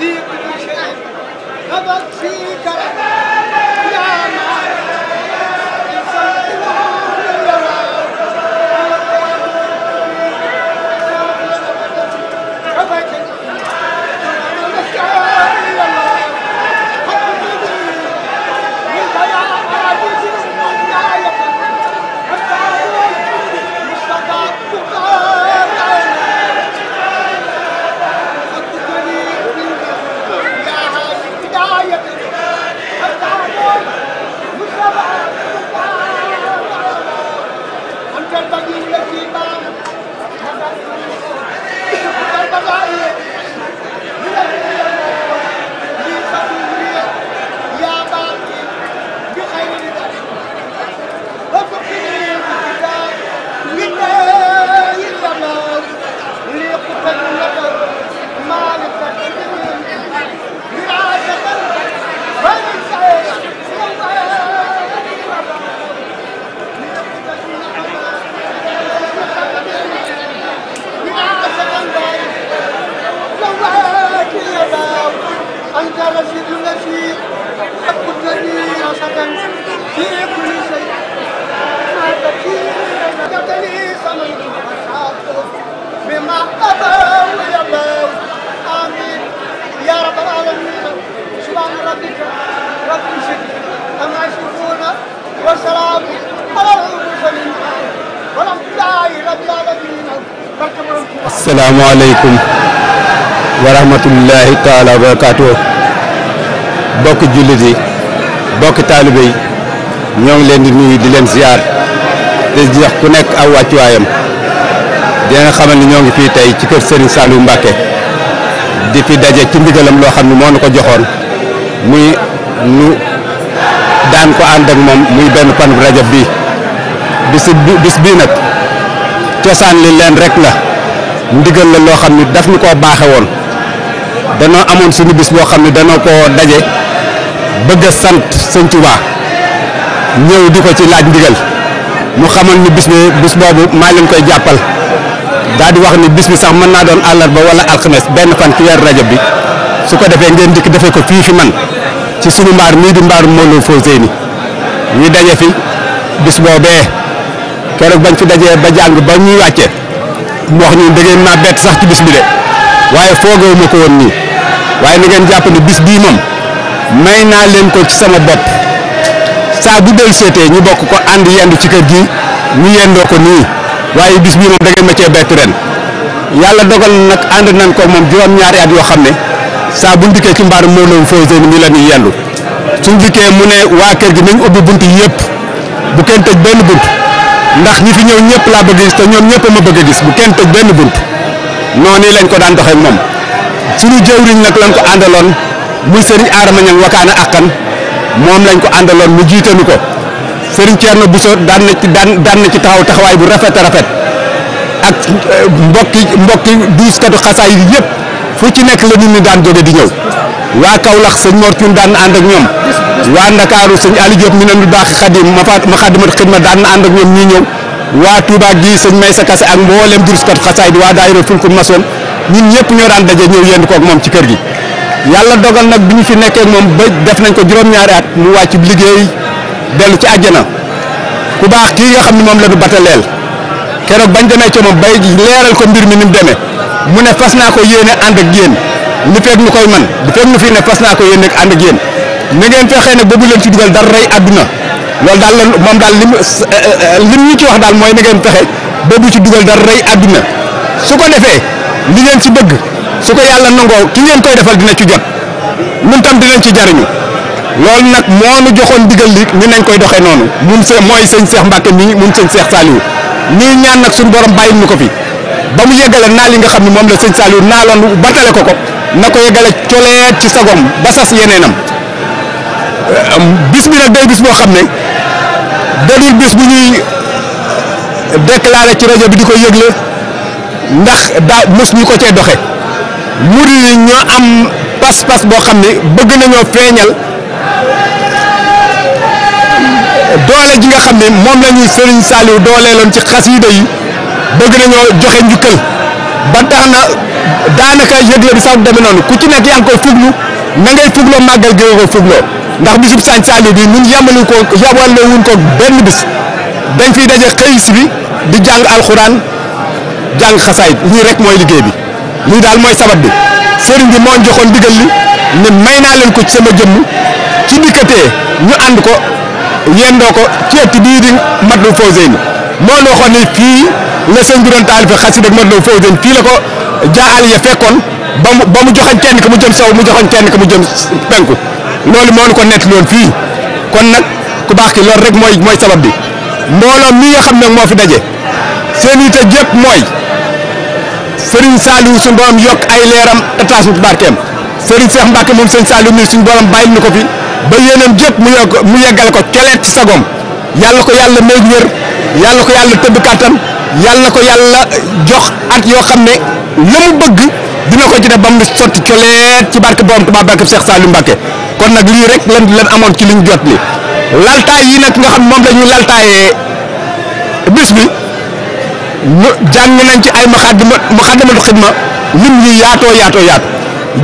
كثير من الشيء نبت في كرم asalaamaaleykum wa rahmatullahi taala wa barakaatu bokki jullit yi bokki taalibe yi ñoo ngi leen di nuyu di leen ziar te di jox ku nekk aw wàccuwaayam di nga xamal ni ñoo ngi fii tey ci kër Serigne Saliou Mbacke di fi dajje ci ndigalam lo xamni mo nako nu joxoon muy nu daan ko and ak mom muy ben pan rajab bi bis bis bi nak cosaan li len rek la ndigal la lo xamni ne daf ñu koo baaxe woon danoo amone suñu bis boo xamni ne danoo koo daje bëgg a sant sëñ Tuubaa ñëw di ci laaj ndigal mu xamal ni bis bi bis bobu ma leen koy jappal daal di wax ni bis bi sax mën naa doon ba wala alxames ben fan ci yar rajab bi su ko defé ngeen dik defé ko fi fi man ci sunu mbaar mii di lo Mawlo Fawzeyni ñu dajé fi bis bobé keroog bañ fi dajé ba jang ba ñuy waccé mu wax ñu da ma bét sax ci bis bi dé wayé foogoo ma mako won ni wayé ni ngeen japp ni bis bi mom may leen ko ci sama bop sa bu del ñu bokk ko and yendu ci kër gi ñu yendo ko ni waaye bis bii moom da ngeen ma cee bett ren yàlla dogal nag ànd nañ ko moom juróom-ñaari at yoo xam ne saa bu ndikkee dikkee ci mbaaru moo loon foo seen mi la ñuy yendu suñ mu ne waa kër gi nañ ubbi bunt yëpp bu kenn tëj benn bunt ndax ñi fi ñëw ñëpp laa bëgg a gis te ñoom ñëpp ma bëgg a gis bu kenn tëj benn bunt noonu lañ ko daan doxee moom suñu jëwriñ nag lañ ko àndaloon muy sëriñ aaramañang wakaana akkan moom lañ ko àndaloon mu jiitanu ko Serigne Thierno Bousso daan na ci daan daan na ci taxaw taxawaay bu rafet a rafet ak eh, mbokki mbokki duuskatu xasaay yi yëpp fu ci nekk la nit ñi daan jóge di ñëw waa Kaolack sëñ Mor Thioune daan na ànd ak ñoom waa Ndakaaru sëñ Ali Diop mi ne lu baax xadim ma fa ma xadimat xidma daan na ànd ak ñoom ñii ñëw waa Touba gii sëñ Maysa Kase ak mboolem duuskatu xasaay bi waa daayira Fulkul Masoon ñun ñëpp ñoo daan daje ñëw yend koog moom ci kër gi yàlla dogal nag bi ñu fi nekkee moom ba def nañ ko juróom-ñaari at mu wàcc liggéey dellu ci àjjana ku baax kii nga xam ne moom la ñu bataleel keroog bañ demee ca moom bay leeral ko mbir mi ni mu demee mu ne fas naa ko yéene ànd ak yéen li fekk nu koy man li fekk nu fi ne fas naa ko yéene ànd ak yéen na ngeen fexee nag ba bu leen ci dugal dara rey àdduna loolu daal la moom daal li mu li mu ci wax daal mooy na ngeen fexe ba bu ci dugal dara rey àdduna su ko defee li ngeen ci bëgg su ko yàlla nangoo ki ngeen koy defal dina ci jot ñun tam dinañ ci jariñu loolu nag moo nu joxoon digal li ñu nañ koy doxee noonu mun se mooy sëñ Seex Mbàkke mii mun sëñ Seex Saliou nii ñaan nag suñ borom bàyyil ñu ko fi ba mu yeggale naa li nga xam ne moom la sañ sëñ Saliou naaloon batale ko ko na ko yeggale coleet ci sagom ba sas yeneenam bis bi nag day bis boo xam ne dadul bis bu ñuy déclaré ci rajo bi di ko yëgle ndax daa mës ñu ko cee doxe murid yi ñoo am pas-pas boo xam ne bëgg nañoo feeñal doole ji nga xam ne moom la ñuy Serigne Saliou dooleeloon ci xasida yi bëgg nañoo joxe njukkal ba tax na daanaka yëgle bi sax demee noonu ku ci nekk yaa ngi koy fuglu na ngay fugloo màggal gi nga fugloo ndax bisub Sëñ Saliou bi ñun yamalu ko yabale wuñ ko benn bis dañ fiy daje xëyis bi di jàng alxuraan jàng xasaayit lii rek mooy liggéey bi lii daal mooy sabat bi sëriñ bi moo joxoon digal li ne may naa leen ko ci sama jëmm su dikkatee ñu ànd ko yendoo ko ci ëtt bii di Matlaboul Fawzeyni moo la waxoon ne fii la sëñ bi doon taalife xasida ak Matlaboul Fawzeyni fii la ko jaal ya fekkoon ba mu ba mu joxoñ kenn ka mu jëm sow mu joxoñ kenn ka mu jëm penku loolu moo ñu ko nettali woon fii kon nag ku baax ki loolu rek mooy mooy sabab bi mbooloo mi nga xam ne moo fi daje seen yitte jëpp mooy Serigne Saliou suñu borom yokk ay leeram te taas ñu ci barkeem Serigne Cheikh Mbacke moom sëñ Saliou ko fi. ba yéenam jëpp mu yokk mu yeggal ko keleet ci sagoom yàlla ko yàlla may wér yàlla ko yàlla tëbb kàttan yàlla ko yàlla jox at yoo xam ne la mu bëgg dina ko ci def ba mu sotti coleet ci barke borom Tuubaa barke Seex Saaliu Mbàkke kon nag lii rek lan lan amoon ci liñ jot li laltaay yi nag nga xam ne moom la ñuy laltaayee bis bi jàng nañ ci ay ma muxaddamatul xidma lim yi yaatoo yaatoo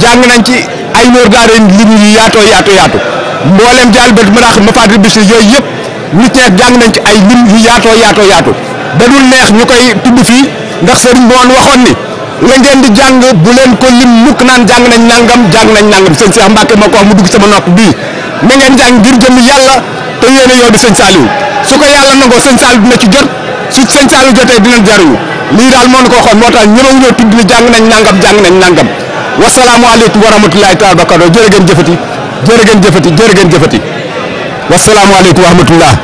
jàng nañ ci ay nóor daara lim yi yaatoo yaatoo yaatu mboolem jaal ba maraaq mafaatri bisri yooyu yëpp lutin jàng nañ ci ay lim yu yaatoo yaatoo yaatu da neex ñu koy tudd fii ndax sëriñ boon waxoon ni la ngeen di jàng bu leen ko lim mukk naan jàng nañ nangam jàng nañ nangam sëñ Cheikh Mbacke moo ko wax mu dugg sama nopp bii na ngeen jàng ngir jëm yàlla te yéene yow di sëñ Saliou su ko yàlla nangoo sëñ Saliou dina ci jot su sëñ Saliou jotee dinañ jariñu lii daal moo ñu ko waxoon moo tax ñëmewu ñoo tudd ni jàng nañ nangam jàng nañ nangam wasalaamualeykum wa rahmatulahi taala wa barakatu jërë ngeen jëfati jërë ngeen jëfati jërë ngeen jëfati wasalaamualeykum wa rahmatullah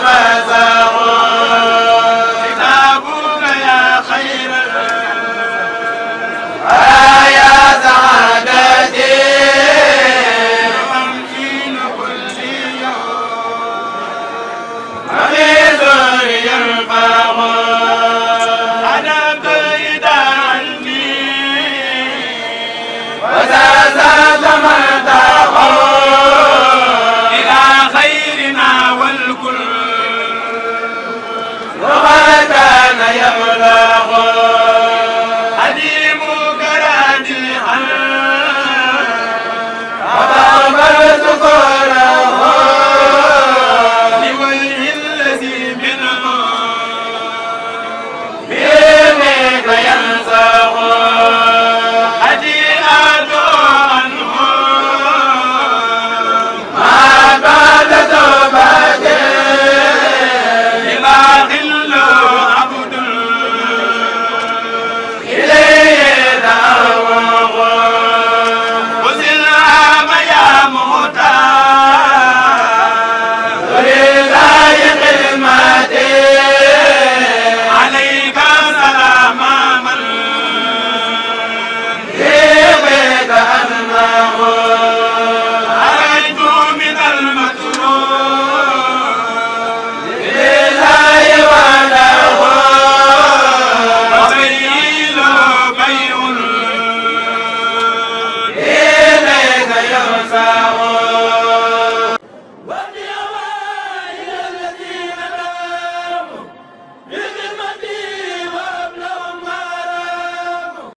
ما زاغوا